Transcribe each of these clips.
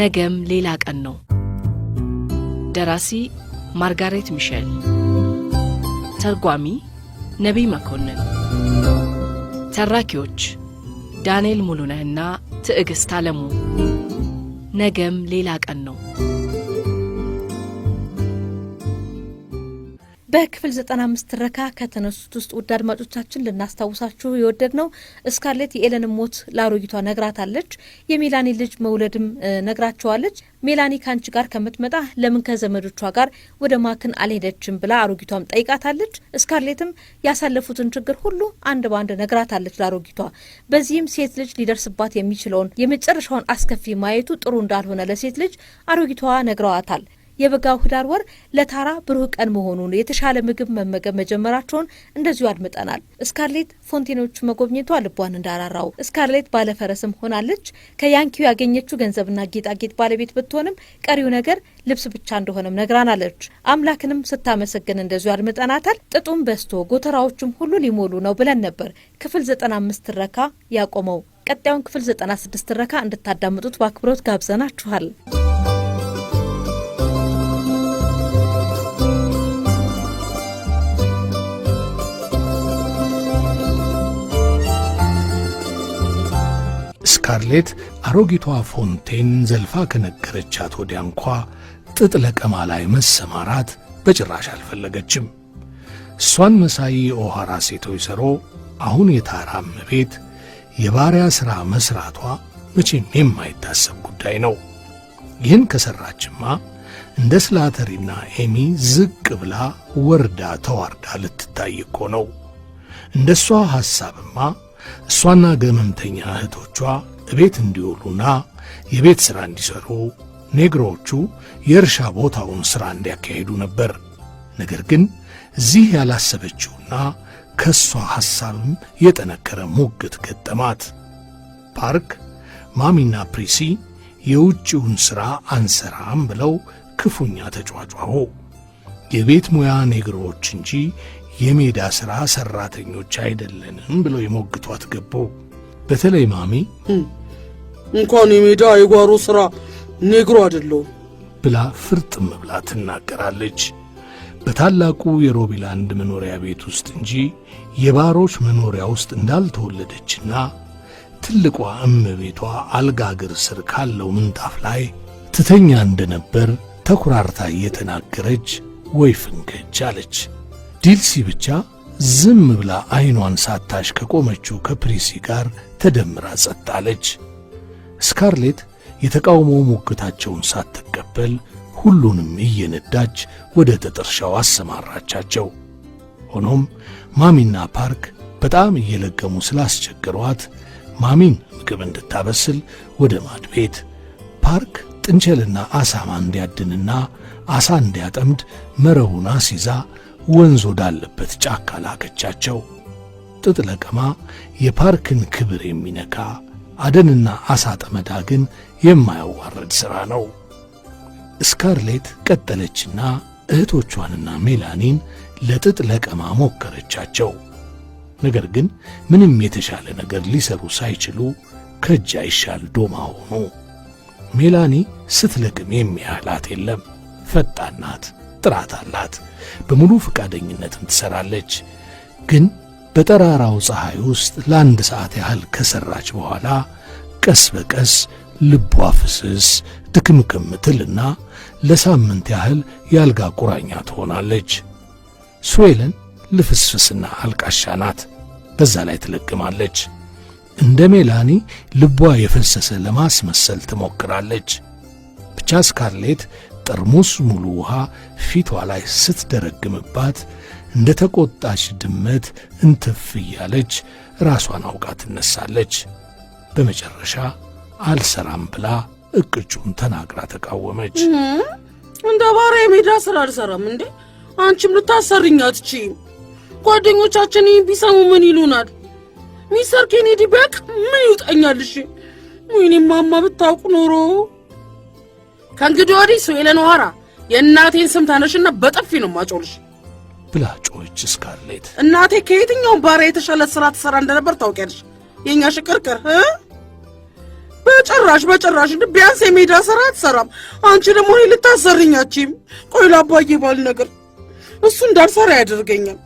ነገም ሌላ ቀን ነው። ደራሲ ማርጋሬት ሚሸል፣ ተርጓሚ ነቢይ መኮንን፣ ተራኪዎች ዳንኤል ሙሉነህና ትዕግሥት አለሙ። ነገም ሌላ ቀን ነው። በክፍል 95 ትረካ ከተነሱት ውስጥ ውድ አድማጮቻችን ልናስታውሳችሁ የወደድ ነው እስካርሌት የኤለን ሞት ለአሮጊቷ ነግራታለች። የሜላኒ ልጅ መውለድም ነግራቸዋለች። ሜላኒ ከአንቺ ጋር ከምትመጣ ለምን ከዘመዶቿ ጋር ወደ ማክን አልሄደችም ብላ አሮጊቷም ጠይቃታለች። እስካርሌትም ያሳለፉትን ችግር ሁሉ አንድ በአንድ ነግራታለች ለአሮጊቷ። በዚህም ሴት ልጅ ሊደርስባት የሚችለውን የመጨረሻውን አስከፊ ማየቱ ጥሩ እንዳልሆነ ለሴት ልጅ አሮጊቷ ነግረዋታል። የበጋው ህዳር ወር ለታራ ብሩህ ቀን መሆኑን የተሻለ ምግብ መመገብ መጀመራቸውን እንደዚሁ አድምጠናል። እስካርሌት ፎንቴኖቹ መጎብኘቷ ልቧን እንዳራራው እስካርሌት ባለፈረስም ሆናለች። ከያንኪው ያገኘችው ገንዘብና ጌጣጌጥ ባለቤት ብትሆንም ቀሪው ነገር ልብስ ብቻ እንደሆነም ነግራናለች። አምላክንም ስታመሰግን እንደዚሁ አድምጠናታል። ጥጡም በስቶ ጎተራዎቹም ሁሉ ሊሞሉ ነው ብለን ነበር። ክፍል አምስት ረካ ያቆመው ቀጣዩን ክፍል ስድስት ረካ እንድታዳምጡት በአክብሮት ጋብዘናችኋል። ስካርሌት አሮጊቷ ፎንቴን ዘልፋ ከነገረቻት ወዲያ እንኳ ጥጥ ለቀማ ላይ መሰማራት በጭራሽ አልፈለገችም። እሷን መሳይ የኦሃራ ሴቶች ሰሮ አሁን የታራም ቤት የባሪያ ሥራ መሥራቷ መቼም የማይታሰብ ጉዳይ ነው። ይህን ከሠራችማ እንደ ስላተሪና ኤሚ ዝቅ ብላ ወርዳ ተዋርዳ ልትታይ እኮ ነው። እንደ እሷ ሐሳብማ እሷና ገመምተኛ እህቶቿ እቤት እንዲውሉና የቤት ሥራ እንዲሠሩ፣ ኔግሮዎቹ የእርሻ ቦታውን ሥራ እንዲያካሂዱ ነበር። ነገር ግን እዚህ ያላሰበችውና ከእሷ ሐሳብም የጠነከረ ሙግት ገጠማት። ፓርክ ማሚና ፕሪሲ የውጭውን ሥራ አንሰራም ብለው ክፉኛ ተጫጫሁ። የቤት ሙያ ኔግሮዎች እንጂ የሜዳ ሥራ ሠራተኞች አይደለንም ብለው የሞግቷት ገቡ። በተለይ ማሚ እንኳን የሜዳ የጓሮ ሥራ ኔግሮ አይደለሁም ብላ ፍርጥም ብላ ትናገራለች። በታላቁ የሮቢላንድ መኖሪያ ቤት ውስጥ እንጂ የባሮች መኖሪያ ውስጥ እንዳልተወለደችና ትልቋ እመቤቷ አልጋ እግር ስር ካለው ምንጣፍ ላይ ትተኛ እንደነበር ተኩራርታ እየተናገረች ወይ ፍንክች አለች። ዲልሲ ብቻ ዝም ብላ ዐይኗን ሳታሽ ከቆመችው ከፕሪሲ ጋር ተደምራ ጸጥታለች። ስካርሌት የተቃውሞ ሙግታቸውን ሳትቀበል ሁሉንም እየነዳች ወደ ተጠርሻው አሰማራቻቸው። ሆኖም ማሚና ፓርክ በጣም እየለገሙ ስላስቸገሯት ማሚን ምግብ እንድታበስል ወደ ማድ ቤት፣ ፓርክ ጥንቸልና አሳማ እንዲያድንና አሳ እንዲያጠምድ መረቡን አስይዛ ወንዝ ወዳለበት ጫካ ላከቻቸው። ጥጥ ለቀማ የፓርክን ክብር የሚነካ አደንና አሳ ጠመዳ ግን የማያዋርድ ሥራ ነው። ስካርሌት ቀጠለችና እህቶቿንና ሜላኒን ለጥጥ ለቀማ ሞከረቻቸው። ነገር ግን ምንም የተሻለ ነገር ሊሰሩ ሳይችሉ ከእጅ አይሻል ዶማ ሆኑ። ሜላኒ ስትለቅም የሚያህላት የለም፣ ፈጣን ናት። ጥራት አላት። በሙሉ ፈቃደኝነትም ትሰራለች። ግን በጠራራው ፀሐይ ውስጥ ለአንድ ሰዓት ያህል ከሰራች በኋላ ቀስ በቀስ ልቧ ፍስስ ድክምክም ትልና ለሳምንት ያህል የአልጋ ቁራኛ ትሆናለች። ስዌለን ልፍስፍስና አልቃሻ ናት። በዛ ላይ ትለግማለች። እንደ ሜላኒ ልቧ የፈሰሰ ለማስመሰል ትሞክራለች። ብቻ ስካርሌት ጠርሙስ ሙሉ ውሃ ፊቷ ላይ ስትደረግምባት እንደ ተቆጣች ድመት እንትፍ እያለች ራሷን አውቃ ትነሳለች። በመጨረሻ አልሰራም ብላ እቅጩን ተናግራ ተቃወመች። እንደ ባሪያ የሜዳ ስራ አልሰራም እንዴ! አንቺም ልታሰርኛ አትችይም። ጓደኞቻችን ይህን ቢሰሙ ምን ይሉናል? ሚስተር ኬኔዲ ቢያውቅ ምን ይውጠኛልሽ? ወይኔ ማማ ብታውቅ ኖሮ ከእንግዲህ ወዲህ ስዌለን ኋራ የእናቴን ስም ታነሽና በጥፊ ነው ማጮልሽ ብላ ጮች። እስካርሌት እናቴ ከየትኛውም ባሪያ የተሻለ ስራ ትሰራ እንደነበር ታውቂያለሽ። የእኛ ሽቅርቅር በጭራሽ በጭራሽ፣ ቢያንስ የሜዳ ስራ አትሰራም። አንቺ ደግሞ እኔ ልታሰርኛችም። ቆይ ላባዬ ባል ነገር እሱ እንዳልሰራ ያደርገኛል።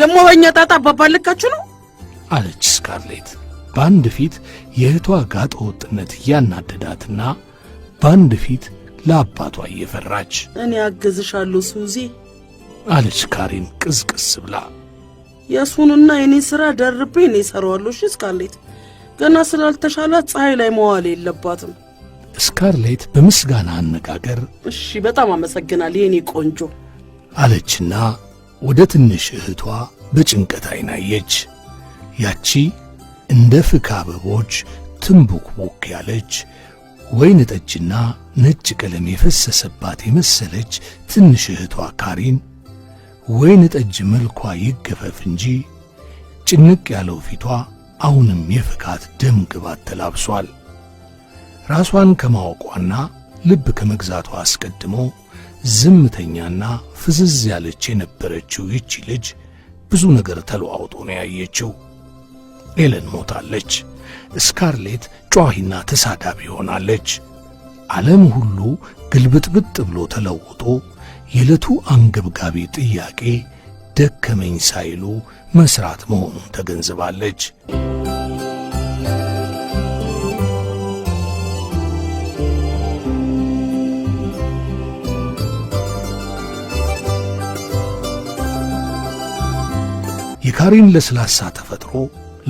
ደግሞ በእኛ ጣጣ አባባልካችሁ ነው አለች ስካርሌት በአንድ ፊት የእህቷ ጋጠ ወጥነት እያናደዳትና በአንድ ፊት ለአባቷ እየፈራች እኔ አገዝሻለሁ ሱዚ አለች ካሬን ቅዝቅስ ብላ። የሱንና የኔ ሥራ ደርቤ እኔ እሠራዋለሁ። እሺ ስካርሌት፣ ገና ስላልተሻላት ፀሐይ ላይ መዋል የለባትም። ስካርሌት በምስጋና አነጋገር እሺ፣ በጣም አመሰግናል የእኔ ቆንጆ አለችና ወደ ትንሽ እህቷ በጭንቀት አይናየች ያቺ እንደ ፍካ አበቦች ትንቡክቡክ ያለች ወይን ጠጅና ነጭ ቀለም የፈሰሰባት የመሰለች ትንሽ እህቷ ካሪን ወይን ጠጅ መልኳ ይገፈፍ እንጂ ጭንቅ ያለው ፊቷ አሁንም የፍካት ደም ግባት ተላብሷል። ራሷን ከማወቋና ልብ ከመግዛቷ አስቀድሞ ዝምተኛና ፍዝዝ ያለች የነበረችው ይቺ ልጅ ብዙ ነገር ተለዋውጦ ነው ያየችው። ኤለን ሞታለች። ስካርሌት ጨዋሂና ተሳዳቢ ሆናለች። ዓለም ሁሉ ግልብጥብጥ ብሎ ተለውጦ የዕለቱ አንገብጋቢ ጥያቄ ደከመኝ ሳይሉ መሥራት መሆኑን ተገንዝባለች። የካሪን ለስላሳ ተፈጥሮ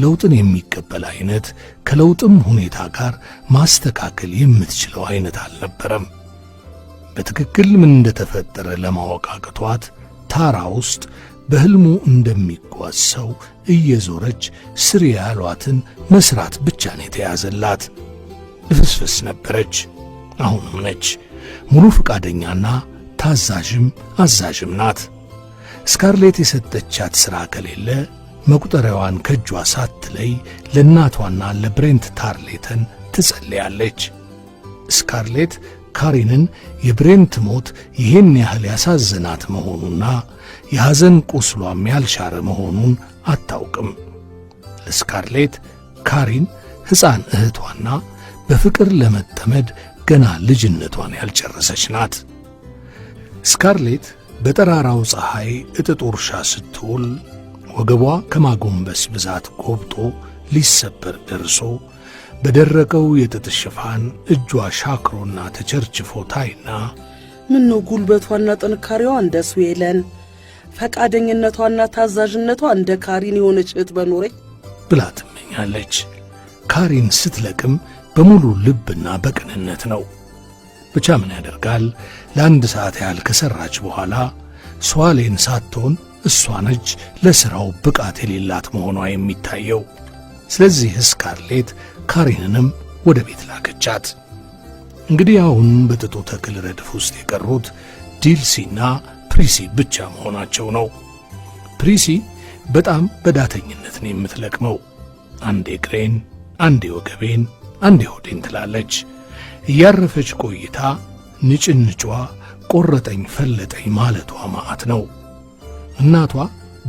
ለውጥን የሚቀበል አይነት ከለውጥም ሁኔታ ጋር ማስተካከል የምትችለው አይነት አልነበረም። በትክክል ምን እንደተፈጠረ ለማወቅ አቅቷት ታራ ውስጥ በሕልሙ እንደሚጓዝ ሰው እየዞረች ስር ያሏትን መሥራት ብቻ ነው የተያዘላት። ልፍስፍስ ነበረች፣ አሁንም ነች። ሙሉ ፈቃደኛና ታዛዥም አዛዥም ናት። ስካርሌት የሰጠቻት ሥራ ከሌለ መቁጠሪያዋን ከእጇ ሳትለይ ለእናቷና ለብሬንት ታርሌተን ትጸልያለች። ስካርሌት ካሪንን የብሬንት ሞት ይህን ያህል ያሳዝናት መሆኑና የሐዘን ቁስሏም ያልሻረ መሆኑን አታውቅም። ለስካርሌት ካሪን ሕፃን እህቷና በፍቅር ለመጠመድ ገና ልጅነቷን ያልጨረሰች ናት። ስካርሌት በጠራራው ፀሐይ እጥጥ ውርሻ ስትውል ወገቧ ከማጎንበስ ብዛት ጎብጦ ሊሰበር ደርሶ በደረቀው የጥጥ ሽፋን እጇ ሻክሮና ተቸርችፎ ታይና ምነው ጉልበቷና ጥንካሬዋ እንደ ስዌለን ፈቃደኝነቷና ታዛዥነቷ እንደ ካሪን የሆነች እህት በኖረኝ ብላ ትመኛለች። ካሪን ስትለቅም በሙሉ ልብና በቅንነት ነው። ብቻ ምን ያደርጋል፣ ለአንድ ሰዓት ያህል ከሠራች በኋላ ሷሌን ሳትሆን እሷ ነች ለሥራው ብቃት የሌላት መሆኗ የሚታየው። ስለዚህ ስካርሌት ካሪንንም ወደ ቤት ላከቻት። እንግዲህ አሁን በጥጡ ተክል ረድፍ ውስጥ የቀሩት ዲልሲና ፕሪሲ ብቻ መሆናቸው ነው። ፕሪሲ በጣም በዳተኝነት ነው የምትለቅመው። አንዴ እግሬን፣ አንዴ ወገቤን፣ አንዴ ሆዴን ትላለች። እያረፈች ቆይታ ንጭንጯ ቆረጠኝ ፈለጠኝ ማለቷ ማአት ነው። እናቷ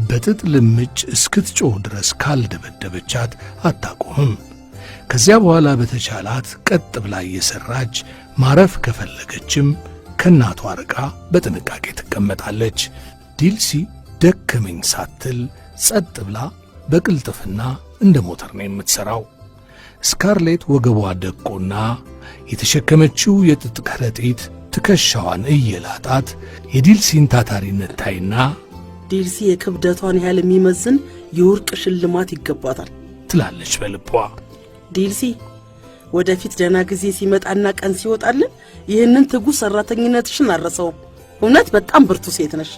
በጥጥ ልምጭ እስክትጮህ ድረስ ካልደበደበቻት አታቆምም። ከዚያ በኋላ በተቻላት ቀጥ ብላ እየሠራች ማረፍ ከፈለገችም ከእናቷ ርቃ በጥንቃቄ ትቀመጣለች። ዲልሲ ደከመኝ ሳትል ጸጥ ብላ በቅልጥፍና እንደ ሞተር ነው የምትሠራው። ስካርሌት ወገቧ ደቆና የተሸከመችው የጥጥ ከረጢት ትከሻዋን እየላጣት የዲልሲን ታታሪነት ታይና ዴልሲ የክብደቷን ያህል የሚመዝን የወርቅ ሽልማት ይገባታል ትላለች በልቧ። ዴልሲ ወደፊት ደህና ጊዜ ሲመጣና ቀን ሲወጣልን ይህንን ትጉ ሠራተኝነትሽን አረሰውም። እውነት በጣም ብርቱ ሴት ነሽ።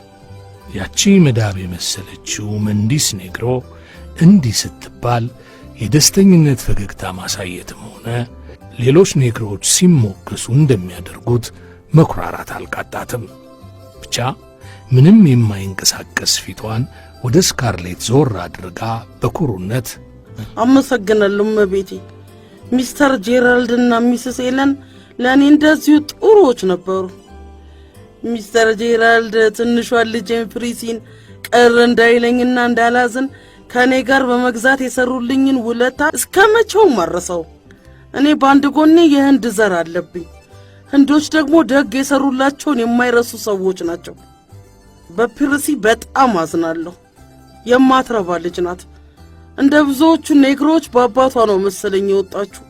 ያቺ መዳብ የመሰለችው መንዲስ ኔግሮ እንዲህ ስትባል የደስተኝነት ፈገግታ ማሳየትም ሆነ ሌሎች ኔግሮዎች ሲሞገሱ እንደሚያደርጉት መኩራራት አልቃጣትም ብቻ ምንም የማይንቀሳቀስ ፊቷን ወደ ስካርሌት ዞር አድርጋ በኩሩነት አመሰግናለሁ እመቤቴ። ሚስተር ጄራልድ እና ሚስስ ኤለን ለእኔ እንደዚሁ ጥሩዎች ነበሩ። ሚስተር ጄራልድ ትንሿን ልጄን ፍሪሲን ቅር እንዳይለኝና እንዳላዝን ከእኔ ጋር በመግዛት የሰሩልኝን ውለታ እስከ መቼው ማረሰው። እኔ በአንድ ጎኔ የህንድ ዘር አለብኝ፣ ህንዶች ደግሞ ደግ የሰሩላቸውን የማይረሱ ሰዎች ናቸው። በፒርሲ በጣም አዝናለሁ። የማትረባ ልጅ ናት። እንደ ብዙዎቹ ኔግሮች በአባቷ ነው መሰለኝ የወጣችሁ።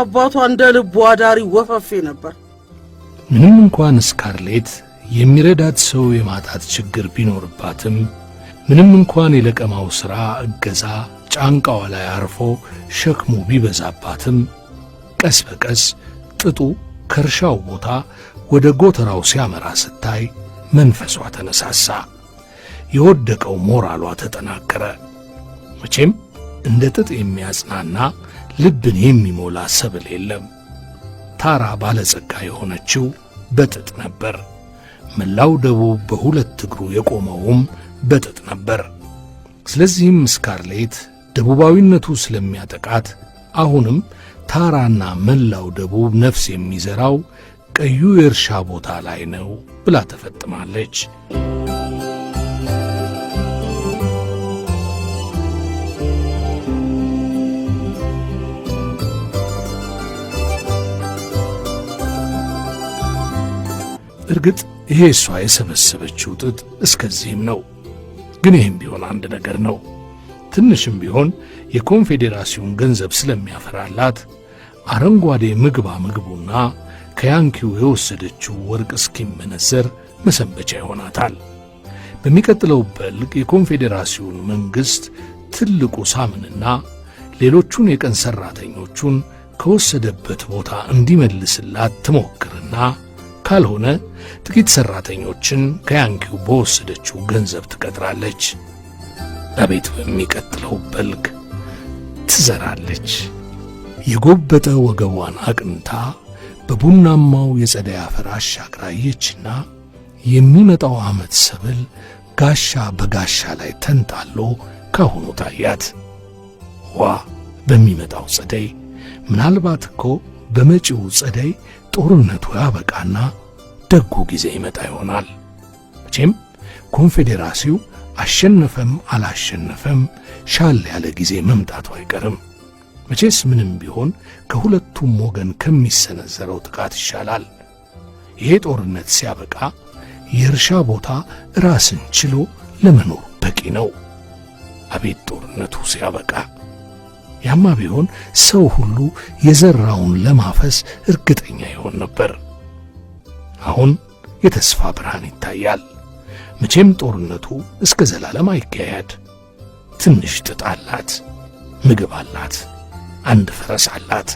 አባቷ እንደ ልቡ አዳሪ ወፈፌ ነበር። ምንም እንኳን ስካርሌት የሚረዳት ሰው የማጣት ችግር ቢኖርባትም ምንም እንኳን የለቀማው ሥራ እገዛ ጫንቃዋ ላይ አርፎ ሸክሙ ቢበዛባትም ቀስ በቀስ ጥጡ ከእርሻው ቦታ ወደ ጎተራው ሲያመራ ስታይ መንፈሷ ተነሳሳ፣ የወደቀው ሞራሏ ተጠናከረ። መቼም እንደ ጥጥ የሚያጽናና ልብን የሚሞላ ሰብል የለም። ታራ ባለጸጋ የሆነችው በጥጥ ነበር። መላው ደቡብ በሁለት እግሩ የቆመውም በጥጥ ነበር። ስለዚህም እስካርሌት ደቡባዊነቱ ስለሚያጠቃት አሁንም ታራና መላው ደቡብ ነፍስ የሚዘራው ቀዩ የእርሻ ቦታ ላይ ነው ብላ ተፈጥማለች። እርግጥ ይሄ እሷ የሰበሰበችው ጥጥ እስከዚህም ነው። ግን ይህም ቢሆን አንድ ነገር ነው። ትንሽም ቢሆን የኮንፌዴራሲዮን ገንዘብ ስለሚያፈራላት አረንጓዴ ምግባ ምግቡና ከያንኪው የወሰደችው ወርቅ እስኪመነዘር መሰንበቻ ይሆናታል። በሚቀጥለው በልግ የኮንፌዴራሲውን መንግሥት ትልቁ ሳምንና ሌሎቹን የቀን ሠራተኞቹን ከወሰደበት ቦታ እንዲመልስላት ትሞክርና ካልሆነ ጥቂት ሠራተኞችን ከያንኪው በወሰደችው ገንዘብ ትቀጥራለች። አቤት በሚቀጥለው በልግ ትዘራለች። የጎበጠ ወገቧን አቅንታ በቡናማው የጸደይ አፈር አሻግራ አየችና የሚመጣው ዓመት ሰብል ጋሻ በጋሻ ላይ ተንጣሎ ካሁኑ ታያት። ዋ በሚመጣው ጸደይ ምናልባት እኮ በመጪው ጸደይ ጦርነቱ ያበቃና ደጉ ጊዜ ይመጣ ይሆናል። መቼም ኮንፌዴራሲው አሸነፈም አላሸነፈም ሻል ያለ ጊዜ መምጣቱ አይቀርም። መቼስ ምንም ቢሆን ከሁለቱም ወገን ከሚሰነዘረው ጥቃት ይሻላል። ይሄ ጦርነት ሲያበቃ የእርሻ ቦታ ራስን ችሎ ለመኖር በቂ ነው። አቤት ጦርነቱ ሲያበቃ! ያማ ቢሆን ሰው ሁሉ የዘራውን ለማፈስ እርግጠኛ ይሆን ነበር። አሁን የተስፋ ብርሃን ይታያል። መቼም ጦርነቱ እስከ ዘላለም አይካሄድ። ትንሽ ጥጥ አላት፣ ምግብ አላት። አንድ ፈረስ አላት።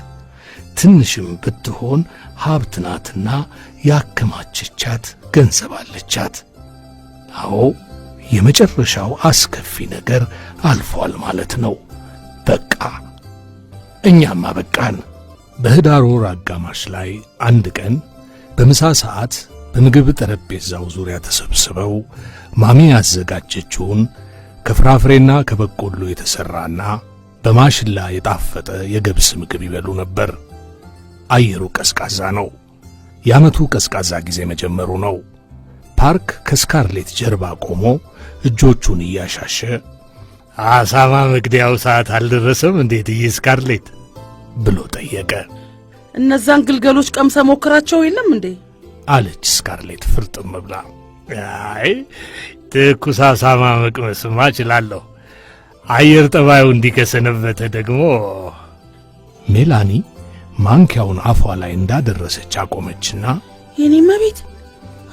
ትንሽም ብትሆን ሀብት ናትና ያከማቸቻት ገንዘብ አለቻት። አዎ የመጨረሻው አስከፊ ነገር አልፏል ማለት ነው። በቃ እኛም አበቃን። በህዳር ወር አጋማሽ ላይ አንድ ቀን በምሳ ሰዓት በምግብ ጠረጴዛው ዙሪያ ተሰብስበው ማሚ ያዘጋጀችውን ከፍራፍሬና ከበቆሎ የተሠራና በማሽላ የጣፈጠ የገብስ ምግብ ይበሉ ነበር። አየሩ ቀዝቃዛ ነው። የዓመቱ ቀዝቃዛ ጊዜ መጀመሩ ነው። ፓርክ ከስካርሌት ጀርባ ቆሞ እጆቹን እያሻሸ አሳማ መግደያው ሰዓት አልደረሰም እንዴት እይ ስካርሌት ብሎ ጠየቀ። እነዛን ግልገሎች ቀምሰ ሞክራቸው የለም እንዴ አለች ስካርሌት ፍርጥም ብላ። አይ ትኩስ አሳማ መቅመስማ እችላለሁ አየር ጠባዩ እንዲከሰነበተ ደግሞ ሜላኒ ማንኪያውን አፏ ላይ እንዳደረሰች አቆመችና የኔ መቤት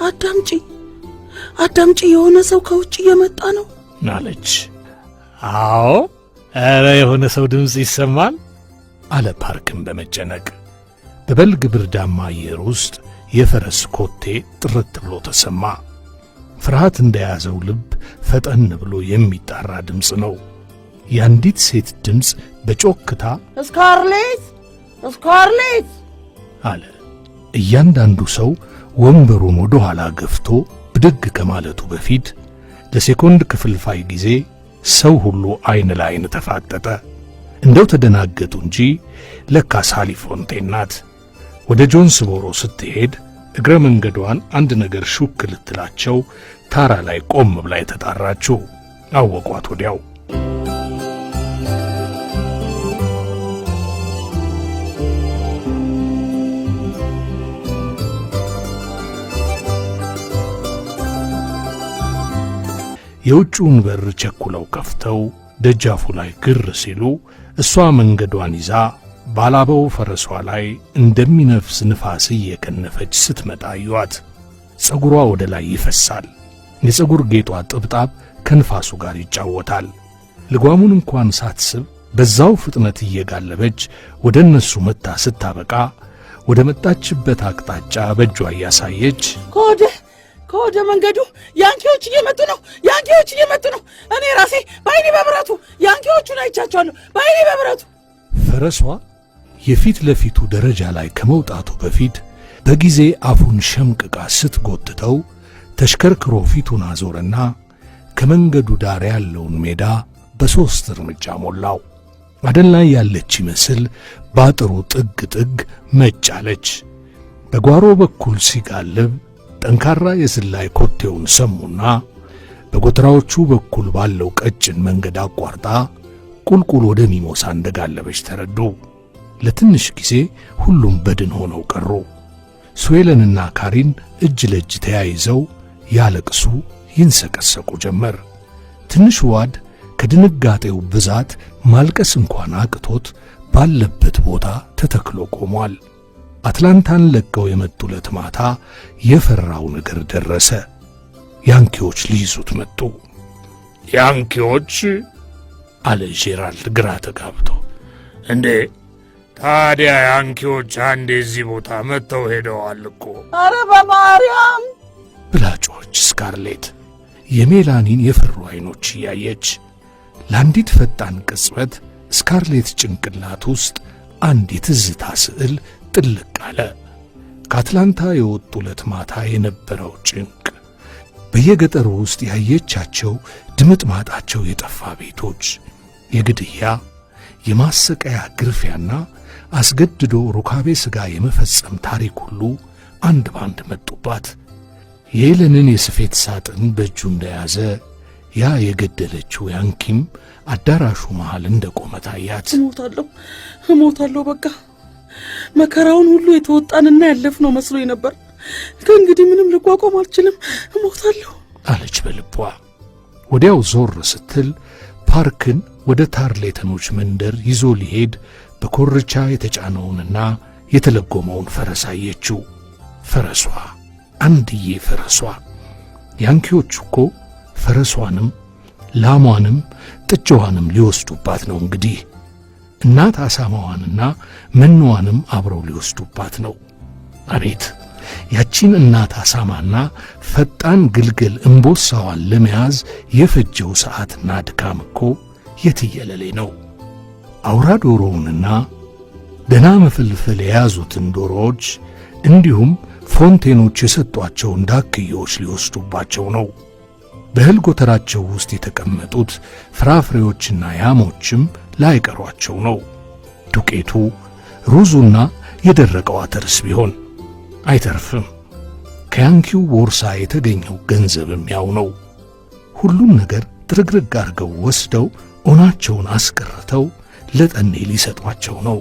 አዳምጪ፣ አዳምጪ የሆነ ሰው ከውጭ እየመጣ ነው አለች። አዎ፣ ኧረ የሆነ ሰው ድምፅ ይሰማል አለ ፓርክን በመጨነቅ በበልግ ብርዳማ አየር ውስጥ የፈረስ ኮቴ ጥርት ብሎ ተሰማ። ፍርሃት እንደያዘው ልብ ፈጠን ብሎ የሚጣራ ድምፅ ነው። የአንዲት ሴት ድምፅ በጮክታ ስካርሌት ስካርሌት አለ። እያንዳንዱ ሰው ወንበሩን ወደ ኋላ ገፍቶ ብድግ ከማለቱ በፊት ለሴኮንድ ክፍልፋይ ጊዜ ሰው ሁሉ ዐይን ለዐይን ተፋጠጠ። እንደው ተደናገጡ እንጂ ለካ ሳሊ ፎንቴን ናት። ወደ ጆንስቦሮ ስትሄድ እግረ መንገዷን አንድ ነገር ሹክ ልትላቸው ታራ ላይ ቆም ብላ የተጣራችሁ አወቋት ወዲያው የውጭውን በር ቸኩለው ከፍተው ደጃፉ ላይ ግር ሲሉ እሷ መንገዷን ይዛ ባላበው ፈረሷ ላይ እንደሚነፍስ ንፋስ እየከነፈች ስትመጣ አዩአት። ፀጉሯ ወደ ላይ ይፈሳል። የፀጉር ጌጧ ጥብጣብ ከንፋሱ ጋር ይጫወታል። ልጓሙን እንኳን ሳትስብ በዛው ፍጥነት እየጋለበች ወደ እነሱ መጥታ ስታበቃ ወደ መጣችበት አቅጣጫ በእጇ እያሳየች ከወደ መንገዱ ያንኪዎች እየመጡ ነው፣ ያንኪዎች እየመጡ ነው። እኔ ራሴ በአይኔ በብረቱ ያንኪዎቹን አይቻቸዋለሁ፣ በአይኔ በብረቱ። ፈረሷ የፊት ለፊቱ ደረጃ ላይ ከመውጣቱ በፊት በጊዜ አፉን ሸምቅቃ ስትጎትተው ተሽከርክሮ ፊቱን አዞረና ከመንገዱ ዳር ያለውን ሜዳ በሦስት እርምጃ ሞላው። አደን ላይ ያለች ይመስል ባጥሩ ጥግ ጥግ መጫለች። በጓሮ በኩል ሲጋልብ ጠንካራ የስላይ ኮቴውን ሰሙና በጎተራዎቹ በኩል ባለው ቀጭን መንገድ አቋርጣ ቁልቁል ወደ ሚሞሳ እንደጋለበች ተረዱ። ለትንሽ ጊዜ ሁሉም በድን ሆነው ቀሩ። ስዌለንና ካሪን እጅ ለእጅ ተያይዘው ያለቅሱ፣ ይንሰቀሰቁ ጀመር። ትንሽ ዋድ ከድንጋጤው ብዛት ማልቀስ እንኳን አቅቶት ባለበት ቦታ ተተክሎ ቆሟል። አትላንታን ለቀው የመጡ ለት ማታ የፈራው ነገር ደረሰ። ያንኪዎች ሊይዙት መጡ። ያንኪዎች አለ ጄራልድ ግራ ተጋብቶ። እንዴ ታዲያ ያንኪዎች አንዴ እዚህ ቦታ መጥተው ሄደዋል እኮ። አረ በማርያም ብላጮች ስካርሌት የሜላኒን የፈሩ አይኖች እያየች ለአንዲት ፈጣን ቅጽበት ስካርሌት ጭንቅላት ውስጥ አንዲት የትዝታ ስዕል ጥልቅ አለ። ከአትላንታ የወጡ ዕለት ማታ የነበረው ጭንቅ፣ በየገጠሩ ውስጥ ያየቻቸው ድምጥ ማጣቸው የጠፋ ቤቶች፣ የግድያ የማሰቀያ ግርፊያና አስገድዶ ሩካቤ ሥጋ የመፈጸም ታሪክ ሁሉ አንድ ባንድ መጡባት። የኤለንን የስፌት ሳጥን በእጁ እንደያዘ ያ የገደለችው ያንኪም አዳራሹ መሃል እንደቆመ ታያት። እሞታለሁ፣ እሞታለሁ በቃ መከራውን ሁሉ የተወጣንና ያለፍነው መስሎኝ ነበር። ከእንግዲህ ምንም ልቋቋም አልችልም፣ እሞታለሁ አለች በልቧ። ወዲያው ዞር ስትል ፓርክን ወደ ታርሌተኖች መንደር ይዞ ሊሄድ በኮርቻ የተጫነውንና የተለጎመውን ፈረስ አየችው። ፈረሷ አንድዬ ፈረሷ። ያንኪዎች እኮ ፈረሷንም ላሟንም ጥጃዋንም ሊወስዱባት ነው እንግዲህ እናት አሳማዋንና መኖዋንም አብረው ሊወስዱባት ነው። አቤት ያቺን እናት አሳማና ፈጣን ግልግል እምቦሳዋን ለመያዝ የፈጀው ሰዓትና ድካም እኮ የትየለሌ ነው። አውራ ዶሮውንና ደና መፈልፈል የያዙትን ዶሮዎች እንዲሁም ፎንቴኖች የሰጧቸውን ዳክዬዎች ሊወስዱባቸው ነው። በእህል ጎተራቸው ውስጥ የተቀመጡት ፍራፍሬዎችና ያሞችም ላይቀሯቸው ነው። ዱቄቱ፣ ሩዙና የደረቀው አተርስ ቢሆን አይተርፍም። ከያንኪው ቦርሳ የተገኘው ገንዘብም ያው ነው። ሁሉም ነገር ትርግርግ አድርገው ወስደው ኦናቸውን አስቀርተው ለጠኔ ሊሰጧቸው ነው።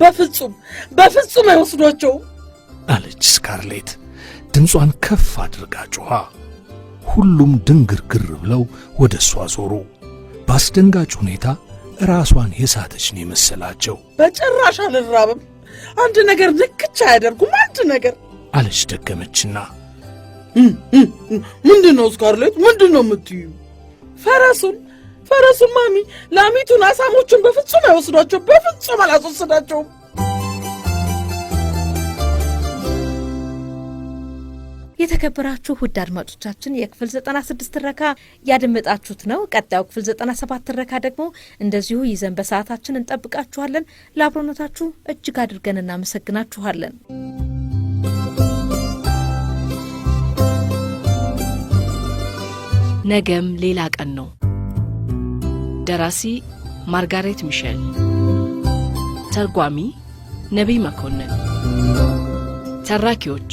በፍጹም በፍጹም አይወስዷቸው! አለች ስካርሌት ድምጿን ከፍ አድርጋ ጮኋ። ሁሉም ድንግርግር ብለው ወደ እሷ ዞሩ። በአስደንጋጭ ሁኔታ ራሷን የሳተች ነው የመሰላቸው። በጭራሽ አልራብም፣ አንድ ነገር ንክች አያደርጉም፣ አንድ ነገር አለች ደገመችና፣ ምንድን ነው ስካርሌት፣ ምንድን ነው የምትዩ? ፈረሱን ፈረሱን፣ ማሚ ላሚቱን፣ አሳሞቹን በፍጹም አይወስዷቸው፣ በፍጹም አላስወስዳቸውም። የተከበራችሁ ውድ አድማጮቻችን የክፍል 96 ትረካ ያደመጣችሁት ነው። ቀጣዩ ክፍል 97 ትረካ ደግሞ እንደዚሁ ይዘን በሰዓታችን እንጠብቃችኋለን። ለአብሮነታችሁ እጅግ አድርገን እናመሰግናችኋለን። ነገም ሌላ ቀን ነው። ደራሲ ማርጋሬት ሚሸል፣ ተርጓሚ ነቢይ መኮንን፣ ተራኪዎች